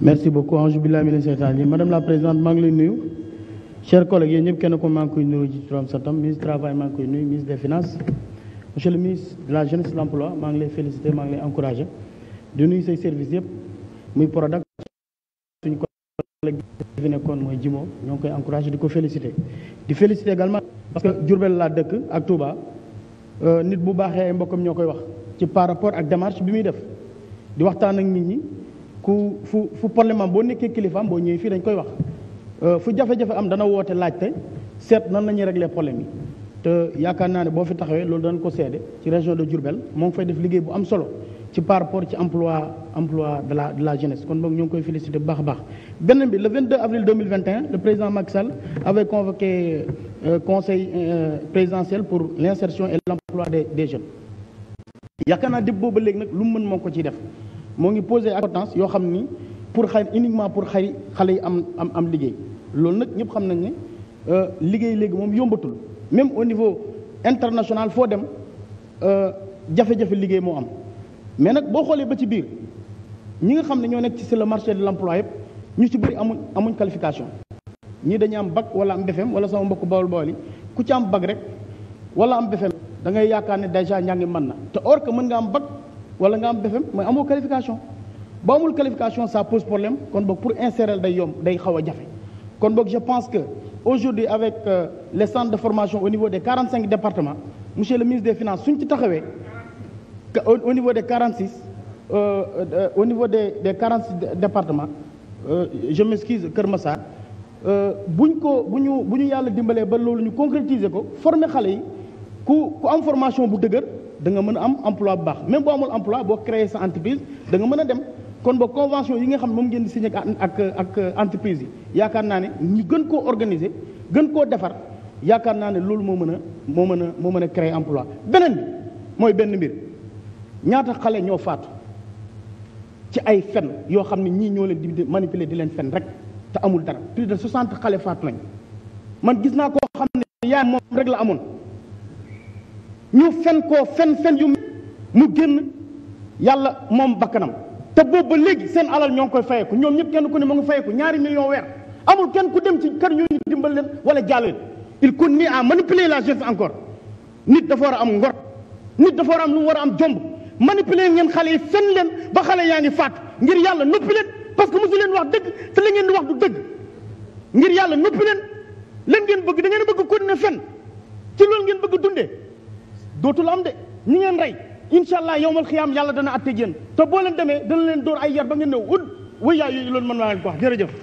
merci beaucoup ange billahi mina seytaan yi madame la présidente maa ngi lay nuyu chers collègues yéen ñëpp kenn ko maa ngi koy nuyu ci turam sa tam ministre travail maa ngi koy nuyu ministre des finances monsieur le ministre de la jeunesse et de l'emploi maa ngi lay féliciter maa ngi lay encourager di nuyu say service yëpp muy Prodac suñu collègue fi nekkoon mooy Jimo ñoo ngi koy encourager di ko félicité di féliciter également parce que Diourbel laa dëkk ak Touba euh, nit bu baaxee ay mbokkam ñoo koy wax ci par rapport ak démarche bi muy def di waxtaan ak nit ñi ku fu fu problème boo nekkee kilifaam boo ñëwee fii dañ koy wax euh, fu jafe-jafe am dana woote laajte seet nan la ñuy régler problème yi te yaakaar naa ne boo fi taxawee loolu dañ ko seede ci région de jurbel moo ngi fay def liggéey bu am solo ci par rapport ci emploi emploi de la de la jeunesse kon boog ñoo ngi koy félicité bu baax a baax. beneen bi le 22 avril 2021 le président Macky Sall avait convoqué euh, conseil euh, présidentiel pour l'insertion et l'emploi des des jeunes yaakaar naa dib boobu léegi nag lu mu mën moo ko ciy def. moo ngi posé importance yoo xam ni pour xay uniquement pour xay xale yi am am am liggéey loolu nag ñëpp xam nañ ne euh, liggéey léegi moom yombatul même au niveau international foo dem euh, jafe-jafe liggéey moo am mais nag boo xoolee ba ci biir ñi nga xam ne ñoo nekk ci sur le marché de l'emploi yëpp ñu ci bëri amuñ amuñ qualification ñii dañu am bac wala am BFEM wala sama mbokk bawol bawol yi ku ci am bag rek wala am BFEM da ngay yaakaar ne déjà ñaa ngi mën na te or mën nga am bac wala nga am BFEM mooy amoo qualification boo amul qualification ça pose problème kon boog pour insérer day yomb day xaw a jafe kon boog je pense que aujourd'hui avec euh, les centres de formation au niveau des 45 départements monsieur le ministre des finances suñ ci taxawee au niveau de 46 euh, euh, au niveau des des 46 départements euh, je m'excuse Kër Massar euh, buñ ko bu ñu bu ñu yàlla dimbalee ba loolu ñu concrétiser ko former xale yi ku ku am formation bu dëgër da nga mën a am emploi bu baax même boo amul emploi boo créer sa entreprise danga mën a dem kon boo convention yi nga xam ne moom ngeen di signé ak ak entreprise yi yaakaar naa ne ñu gën koo organiser gën koo defar yaakaar naa ne loolu moo mën a moo mën a moo mën a créer emploi beneen bi mooy benn mbir ñaata xale ñoo faatu ci ay fen yoo xam ne ñii ñoo leen di manipuler di leen fen rek te amul dara plus de 60 xale faatu nañ man gis naa koo xam ne yaay moom rek la amoon ñu fen koo fen fen yu mu génn yàlla moom bakkanam te boobu ba léegi seen alal ñoo ngi koy fayeeku ñoom ñëpp kenn ku ne mu ngi fayeeku ñaari million weer amul kenn ku dem ci kër ñu dimbal leen wala jàll leen il continue à manipuler la jeunesse encore nit dafa war a am ngor nit dafa war a am lu mu war a am jomb manipuler ngeen xale yi fen leen ba xale yaa ngi faat ngir yàlla noppi leen parce que mosu leen wax dëgg te la ngeen di wax du dëgg ngir yàlla noppi leen lan ngeen bëgg da ngeen bëgg continuer fen ci loolu ngeen bëgg dundee dootul am de ñi ngeen rey incha allah yowmal xiyaam yàlla dana atte jén te boo demee dana leen door ay yar ba ngeen ne ud way yaay yooyu loolu mën naa leen ko wax jërëjëf